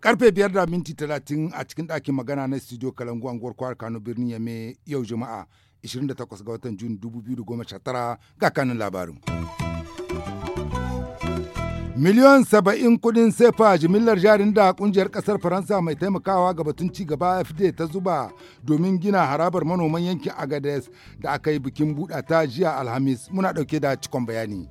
Karfe biyar da minti talatin a cikin ɗakin magana na studio Kalangu anguwar kwar Kano birnin Yame yau Juma'a 28 ga watan juni 2019 ga kanin labarin. miliyon saba'in kudin sefa jimillar jarin da kungiyar kasar faransa mai taimakawa ga batun ci gaba fd ta zuba domin gina harabar manoman yankin agades da aka yi bikin ta jiya alhamis muna ɗauke da cikon bayani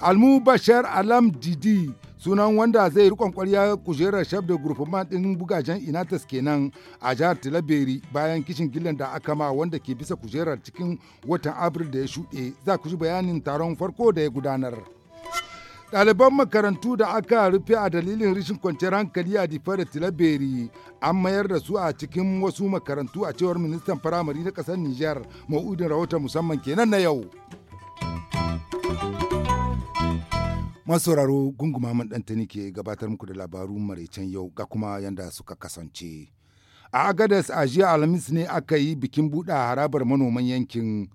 almu bashar alam didi sunan wanda zai rikon kwarya kujerar shaf da gurfaman ɗin bugajen inatas kenan a jihar tilaberi bayan kishin gillan da aka ma wanda ke bisa kujerar cikin watan abril da ya shuɗe za ku ji bayanin taron farko da ya gudanar. ɗaliban makarantu da aka rufe a dalilin rashin kwanciyar hankali a difa da tilaberi an mayar da su a cikin wasu makarantu a cewar ministan firamare na ƙasar nijar ma'udin rahoton musamman kenan na yau masauraro gunguma ɗanta ɗantani ke gabatar muku da labaru maraicen yau ga kuma yanda suka kasance a agadas a jiya alhamis ne aka yi bikin buɗe harabar manoman yankin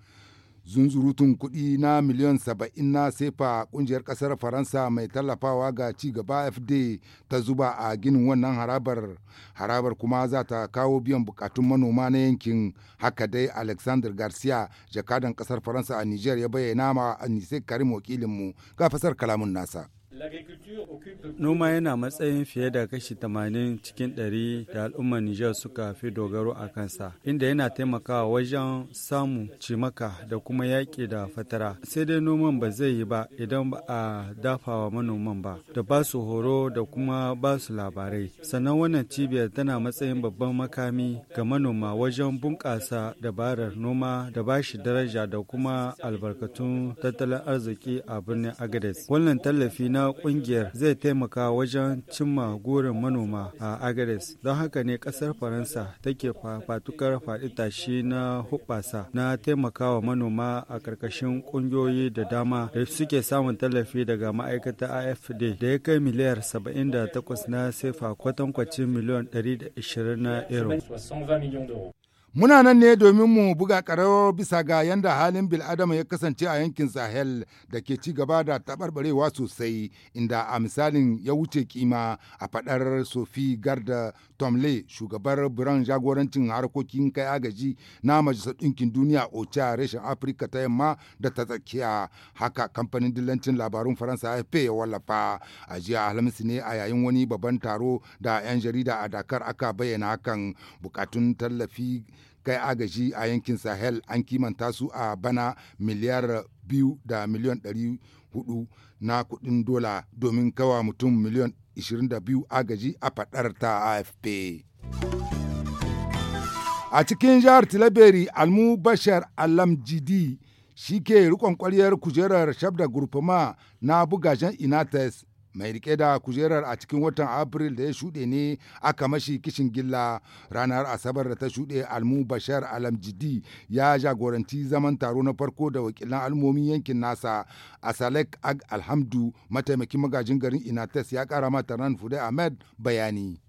zunzurutun kuɗi na miliyan saba'in na sefa ƙungiyar ƙasar faransa mai tallafawa ga ci gaba fd ta zuba a ginin wannan harabar harabar kuma za ta kawo biyan bukatun manoma na yankin haka dai alexander garcia jakadan ƙasar faransa a niger ya bayyana ma anise karim wakilinmu ga fasar kalamun nasa Noma yana matsayin fiye da kashi 80 cikin 100 da al'ummar Nijar suka fi dogaro a kansa, inda yana taimakawa wajen samun cimaka da kuma yaƙi da fatara. Sai dai noman ba zai yi ba idan ba a dafawa manoman ba, da ba su horo da kuma ba su labarai. Sannan wannan cibiyar tana matsayin babban makami ga manoma wajen bunƙasa dabarar noma da ba shi daraja da kuma albarkatun tattalin arziki a birnin Agadez. Wannan tallafi na kungiyar zai taimaka wajen cimma gurin manoma a Agares. Don haka ne kasar Faransa take fatukar faɗi tashi na huɓasa na taimakawa manoma a ƙarƙashin ƙungiyoyi da dama da suke samun tallafi daga ma'aikata AFD da ya kai miliyar 78 na sefa kwatankwacin miliyan 120 na euro. Muna nan ne domin mu buga ƙararrawar bisa ga yanda halin bil'adama ya kasance a yankin Sahel da ke ci gaba da taɓarɓarewa sosai inda a misalin ya wuce kima a faɗar Sophie Garda Tomle shugabar biran jagorancin harkokin kai agaji na Majalisar Ɗinkin Duniya OCHA reshen Afirka ta yamma da ta tsakiya haka kamfanin dillancin labarun Faransa AFP ya wallafa a jiya Alhamis ne a yayin wani babban taro da 'yan jarida a Dakar aka bayyana hakan bukatun tallafi kai agaji a yankin sahel an kimanta su a bana miliyar biyu da miliyan ɗari hudu na kuɗin dola domin kawa mutum miliyan 22 agaji a faɗar ta afp a cikin jihar tilaberi almu bashar alamjidi shi ke rikon kwaryar kujerar shabda gurfama na bugajen inates mai rike da kujerar a cikin watan april da ya shuɗe ne aka mashi kishin gilla ranar asabar da ta shuɗe almu bashar alamjidi ya jagoranci zaman taro na farko da wakilan almomin yankin nasa a salek ag alhamdu mataimakin magajin garin inates ya kara mata ran fude ahmed bayani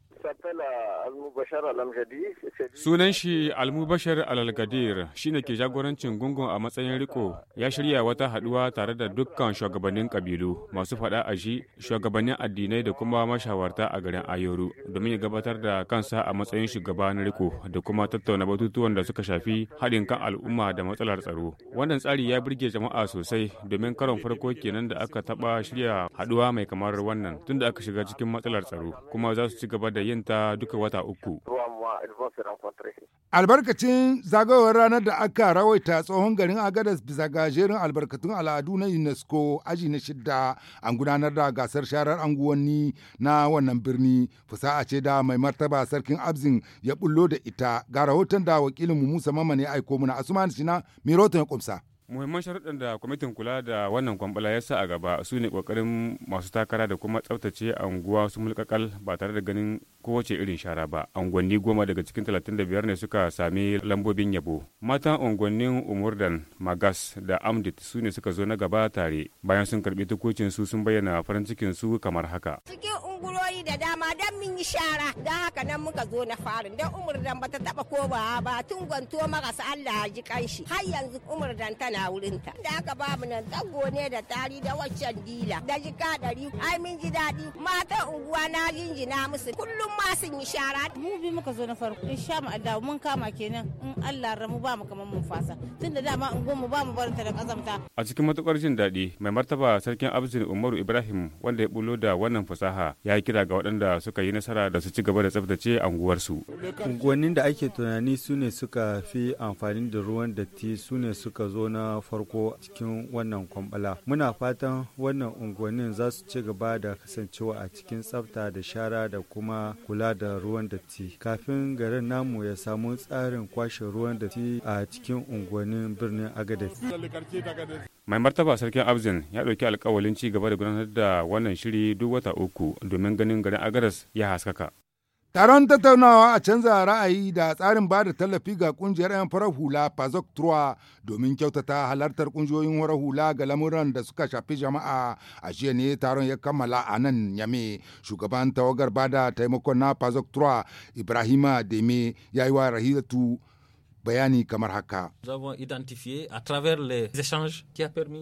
Sunan shi Almubashar Alalgadir shi ne ke jagorancin gungun a matsayin riko ya shirya wata haduwa tare da dukkan shugabannin kabilu masu fada a shi shugabannin addinai da kuma mashawarta a garin Ayoru domin ya gabatar da kansa a matsayin shugaban riko da kuma tattauna batutuwan da suka shafi haɗin kan al'umma da matsalar tsaro. Wannan tsari ya birge jama'a sosai domin karon farko kenan da aka taɓa shirya haduwa mai kamar wannan tunda aka shiga cikin matsalar tsaro kuma za su ci gaba da yin ta duka wata wata uku. Albarkacin zagayowar ranar da aka rawaita tsohon garin Agadas bisa ga jerin albarkatun al'adu na UNESCO aji na shidda an gudanar da gasar sharar anguwanni na wannan birni fusa'a ce da mai martaba sarkin Abzin ya bullo da ita ga rahoton da wakilin mu Musa Mamman ya aiko mana Asuman Shina mai ya kumsa. muhimman sharuɗan da kwamitin kula da wannan kwambala ya sa a gaba su ne ƙoƙarin masu takara da kuma tsaftace unguwa su mulkakal ba tare da ganin kowace irin shara ba unguwanni goma daga cikin talatin da 35 ne suka sami lambobin yabo matan unguwannin umurdan magas da amdit su ne suka zo na gaba tare bayan sun karbi tukucin su sun bayyana farin cikin su kamar haka cikin unguroyi da dama dan mun yi shara da haka nan muka zo na farin dan umurdan ta taba ko ba ba tun gwanto marasa Allah ji kanshi har yanzu umurdan tana wurin ta da haka babu nan tsago ne da tari da waccan dila da jika dari ai mun ji daɗi matan unguwa na jinjina musu kullum ma sun yi shara mu bi muka zo na farko mun kama kenan in Allah ramu ba mu kamar mun fasa tunda dama in mu ba mu barinta da kazamta a cikin matukar jin daɗi mai martaba sarkin Abdul Umaru Ibrahim wanda ya bulo da wannan fasaha ya yi kira ga waɗanda suka yi nasara da su ci gaba da tsaftace anguwarsu unguwannin da ake tunani su ne suka fi amfani da ruwan datti su ne suka zo na farko cikin wannan kwambala muna fatan wannan unguwannin za su ci gaba da kasancewa a cikin tsafta da shara da kuma kula da ruwan datti kafin garin namu ya samu tsarin kwashe ruwan datti a cikin unguwannin birnin agade mai martaba sarkin abzin ya ɗauki alkawalin ci gaba da gudanar da wannan shiri duk wata uku domin ganin garin agaras ya haskaka Taron tattaunawa a canza ra'ayi da tsarin bada tallafi ga kungiyar 'yan farar hula Pazok Trua domin kyautata halartar kungiyoyin farar hula ga lamuran da suka shafi jama'a a jiya ne taron ya kammala a nan yame shugaban tawagar bada taimakon na Pazok Trua Ibrahima Deme ya yi wa Rahilatu bayani kamar haka.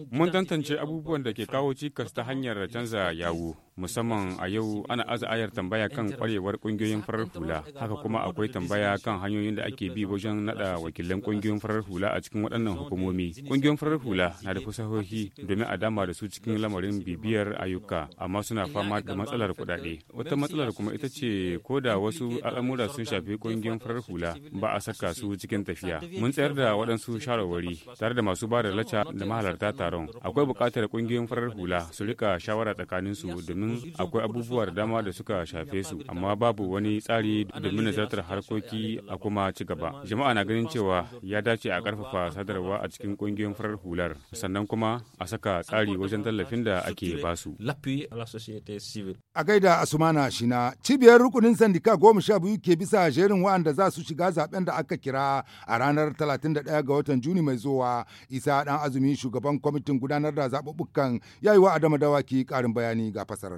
Mun tantance abubuwan da ke kawo cikas ta hanyar canza yawo musamman a yau ana aza ayar tambaya kan kwarewar kungiyoyin farar hula haka kuma akwai tambaya kan hanyoyin da ake bi wajen nada wakilan kungiyoyin farar hula a cikin waɗannan hukumomi kungiyoyin farar hula na da fasahohi domin a dama da su cikin lamarin bibiyar ayyuka amma suna fama da matsalar kuɗaɗe wata matsalar kuma ita ce ko da wasu al'amura sun shafi kungiyoyin farar hula ba a saka su cikin tafiya mun tsayar da waɗansu shawarwari tare da masu ba da lacca da mahalarta taron akwai buƙatar kungiyoyin farar hula su rika shawara tsakaninsu domin domin akwai abubuwa da dama da suka shafe su amma babu wani tsari domin nazartar harkoki a kuma ci gaba jama'a na ganin cewa ya dace a karfafa sadarwa a cikin kungiyoyin farar hular sannan kuma a saka tsari wajen tallafin da ake su. a gaida asumana shi na cibiyar rukunin sandika goma sha biyu ke bisa jerin wa'anda za su shiga zaben da aka kira a ranar talatin da ɗaya ga watan juni mai zuwa isa dan azumi shugaban kwamitin gudanar da zaɓuɓɓukan yi wa adama dawaki ƙarin bayani ga fasara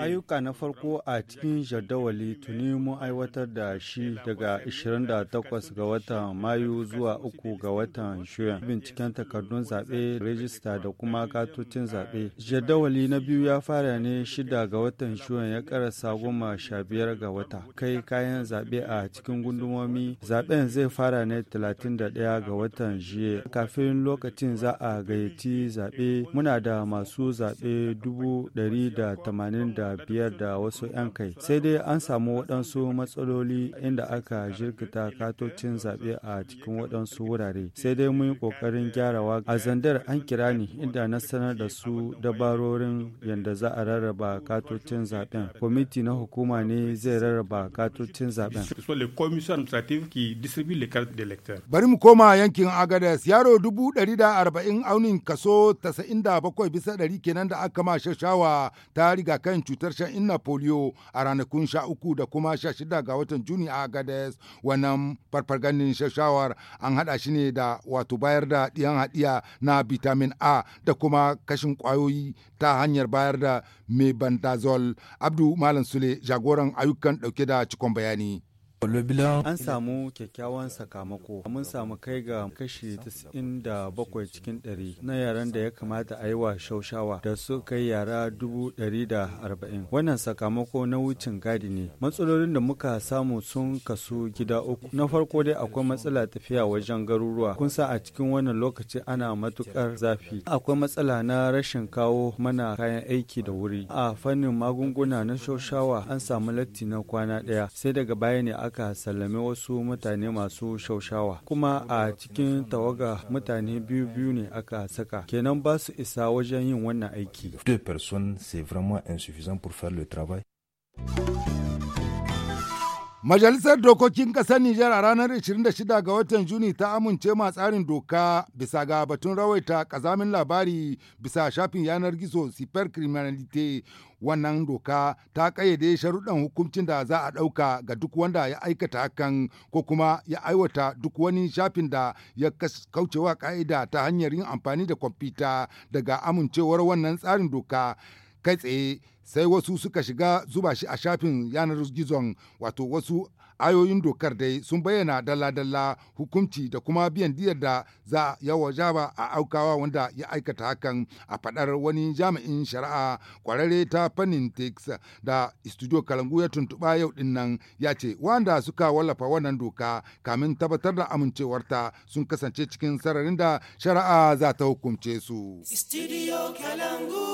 Ayyuka na farko a cikin jadawali tuni mun aiwatar da shi daga 28 ga watan Mayu zuwa 3 ga watan Shuyan. Binciken takardun zaɓe, rajista da kuma katocin zaɓe. Jadawali na biyu ya fara ne 6 ga watan Shuyan ya karasa goma sha biyar ga wata. Kai kayan zaɓe a cikin gundumomi zaɓen zai fara ne 31 ga watan Jiye. Kafin lokacin za a gayyaci zaɓe muna da masu zaɓe dubu ɗari 185 da wasu 'yan kai sai dai an samu waɗansu matsaloli inda aka jirkita katocin zaɓe a cikin waɗansu wurare sai dai mun yi ƙoƙarin gyarawa a zandar an kira ni inda na sanar da su dabarorin yadda za a rarraba katocin zaɓen kwamiti na hukuma ne zai rarraba katocin zaɓen bari mu koma yankin agadas yaro dubu ɗari da arba'in aunin kaso tasa'in da bakwai bisa ɗari kenan da aka ma shashawa ta riga kan cutar shan inna polio a ranakun sha uku da kuma sha shida ga watan Juni a Agades wannan farfarganin shashawar an hada shi ne da wato bayar da ɗiyan haɗiya na vitamin A da kuma kashin kwayoyi ta hanyar bayar da mebendazole. Abdu Malam Sule jagoran ayyukan dauke da cikon bayani. An samu kyakkyawan sakamako. Mun samu kai ga kashi 97 cikin 100 na yaran da ya kamata a yi wa shaushawa da su kai yara 140. Wannan sakamako na wucin gadi ne. Matsalolin da muka samu sun kasu gida uku. Na farko dai akwai matsala tafiya wajen garuruwa. Kun sa a cikin wannan lokaci ana matukar zafi. Akwai matsala na rashin kawo mana kayan aiki da wuri. A fannin magunguna na shaushawa an samu latti na kwana ɗaya. Sai daga baya ne aka aka sallame wasu mutane masu shaushawa kuma a cikin tawaga mutane biyu biyu ne aka saka kenan ba su isa wajen yin wannan aiki. Deux personnes, c'est vraiment insuffisant pour le travail. Majalisar Dokokin Ƙasar Nijar a ranar 26 ga watan Juni ta amince ma tsarin doka bisa ga batun rawaita ƙazamin labari bisa shafin yanar gizo Super Criminalite. Wannan doka ta ƙayyade sharuɗan hukuncin da za a ɗauka ga duk wanda ya aikata hakan ko kuma ya aiwata duk wani shafin da ya kaucewa ƙa'ida ta hanyar yin amfani da kwamfuta daga amincewar wannan tsarin doka. kai tsaye sai wasu suka shiga zuba shi a shafin yanar gizon wato wasu ayoyin dokar dai sun bayyana dalla-dalla hukunci da kuma biyan diyar da za yawa jaba a aukawa wanda ya aikata hakan a fadar wani jami'in shari'a kwararre ta fannin tex da studio kalangu ya tuntuba yau din ya ce wanda suka wallafa wannan doka kamin tabbatar da amincewarta sun kasance cikin sararin da shari'a za ta hukunce su. Studio Kalangu.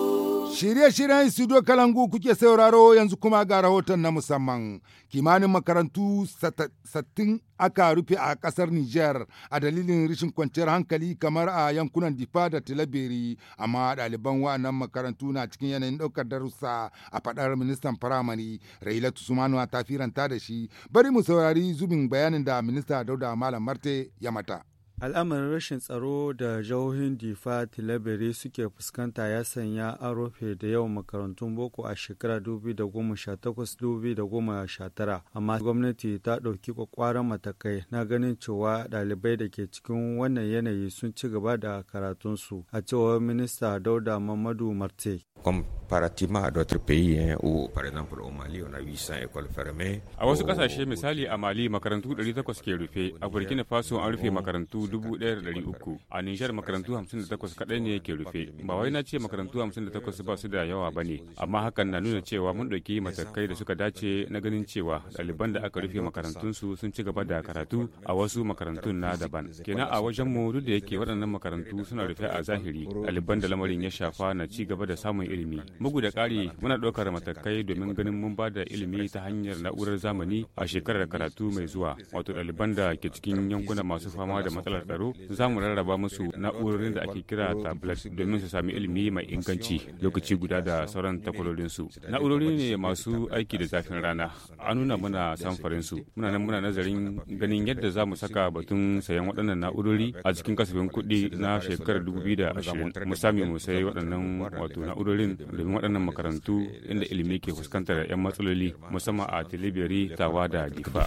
Shirye-shiryen studio Kalangu kuke sauraro yanzu kuma ga rahoton na musamman. Kimanin makarantu sattin aka rufe a kasar Nijar a dalilin rashin kwanciyar hankali kamar a yankunan Difa da Tilaberi, amma ɗaliban wa'annan makarantu na cikin yanayin ɗaukar darussa a faɗar ministan firamare Railatu Sumanuwa ta firanta da shi. Bari mu saurari zubin bayanin da minista Dauda Malam Marte ya mata. al'amarin rashin tsaro da jihohin difa tilabere suke fuskanta ya sanya an rufe da yawan makarantun boko a shekara 2018-2019 amma gwamnati ta ɗauki kwakwaran matakai na ganin cewa ɗalibai da ke cikin wannan yanayi sun ci gaba da karatunsu a cewar minista dauda mamadu marte comparativement à d'autres pays hein, où par exemple au Mali on a 800 écoles fermées a wasu kasashe misali a Mali makarantu 800 ke rufe a Burkina Faso an rufe makarantu 1,300 a nishar makarantu 58 kadai ne yake rufe ba wai na ce makarantu 58 ba su da yawa ba ne amma hakan na nuna cewa mun ɗauki matakai da suka dace na ganin cewa ɗaliban da aka rufe makarantunsu sun ci gaba da karatu a wasu makarantun na daban kenan a wajenmu duk da yake waɗannan makarantu suna rufe a zahiri ɗaliban da lamarin ya shafa na ci gaba da samun ilimi bugu da ƙari muna ɗaukar matakai domin ganin mun ba da ilimi ta hanyar na'urar zamani a shekarar karatu mai zuwa wato ɗaliban da ke cikin yankuna masu fama da matsalar tsaro za mu rarraba musu na'urorin da ake kira tablet domin su sami ilimi mai inganci lokaci guda da sauran takwarorinsu na'urori ne masu aiki da zafin rana an nuna mana samfarinsu muna nan muna nazarin ganin yadda za mu saka batun sayan waɗannan na'urori a cikin kasafin kuɗi na shekarar ashirin mu sami mu sayi waɗannan wato na'urorin domin waɗannan makarantu inda ilimi ke fuskantar 'yan matsaloli musamman a tilibiri tawa da difa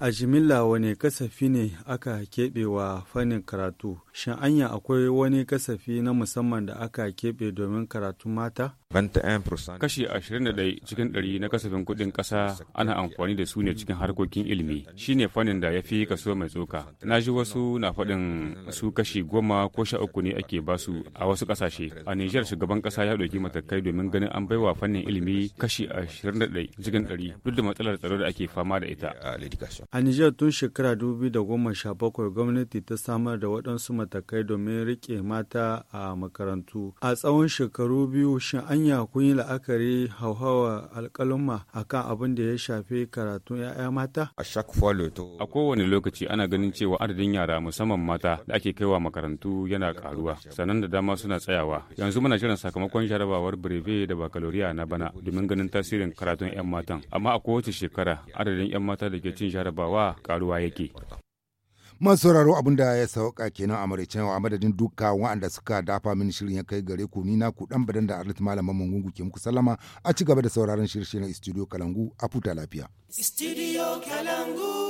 a jimilla wane kasafi ne aka keɓe wa fannin karatu? Shin anya akwai wani kasafi na musamman da aka keɓe domin karatu mata? Kashi 21 cikin 100 na kasafin kuɗin kasa ana amfani da su ne cikin harkokin ilimi shi ne fannin da ya fi kaso mai tsoka. Na ji wasu na faɗin su kashi goma ko sha uku ne ake basu a wasu ƙasashe. A Nijar shugaban ƙasa ya ɗauki matakai domin ganin an baiwa fannin ilimi kashi 21 cikin 100 duk da matsalar tsaro da ake fama da ita. A Nijar tun shekara 2017 gwamnati ta samar da waɗansu matakai domin riƙe mata a makarantu. A tsawon shekaru biyu shin an anya kun yi la'akari hauhawa a kan abin da ya shafi karatun 'ya'ya mata? A A kowane lokaci ana ganin cewa adadin yara musamman mata da ake kaiwa makarantu yana karuwa sannan da dama suna tsayawa. Yanzu muna shirin sakamakon jarabawar breve da bakaloriya na bana domin ganin tasirin karatun 'yan matan. Amma a kowace shekara adadin 'yan mata da ke cin jarabawa karuwa yake. masu sauraro abin da ya sauka kenan a maraicen a madadin duka waɗanda suka dafa mini shirin ya kai gare ku ni na ku dan badan da arlit malaman mungungu ke muku salama a ci gaba da sauraron shirye na studio kalangu a futa lafiya studio kalangu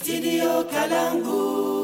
studio kalangu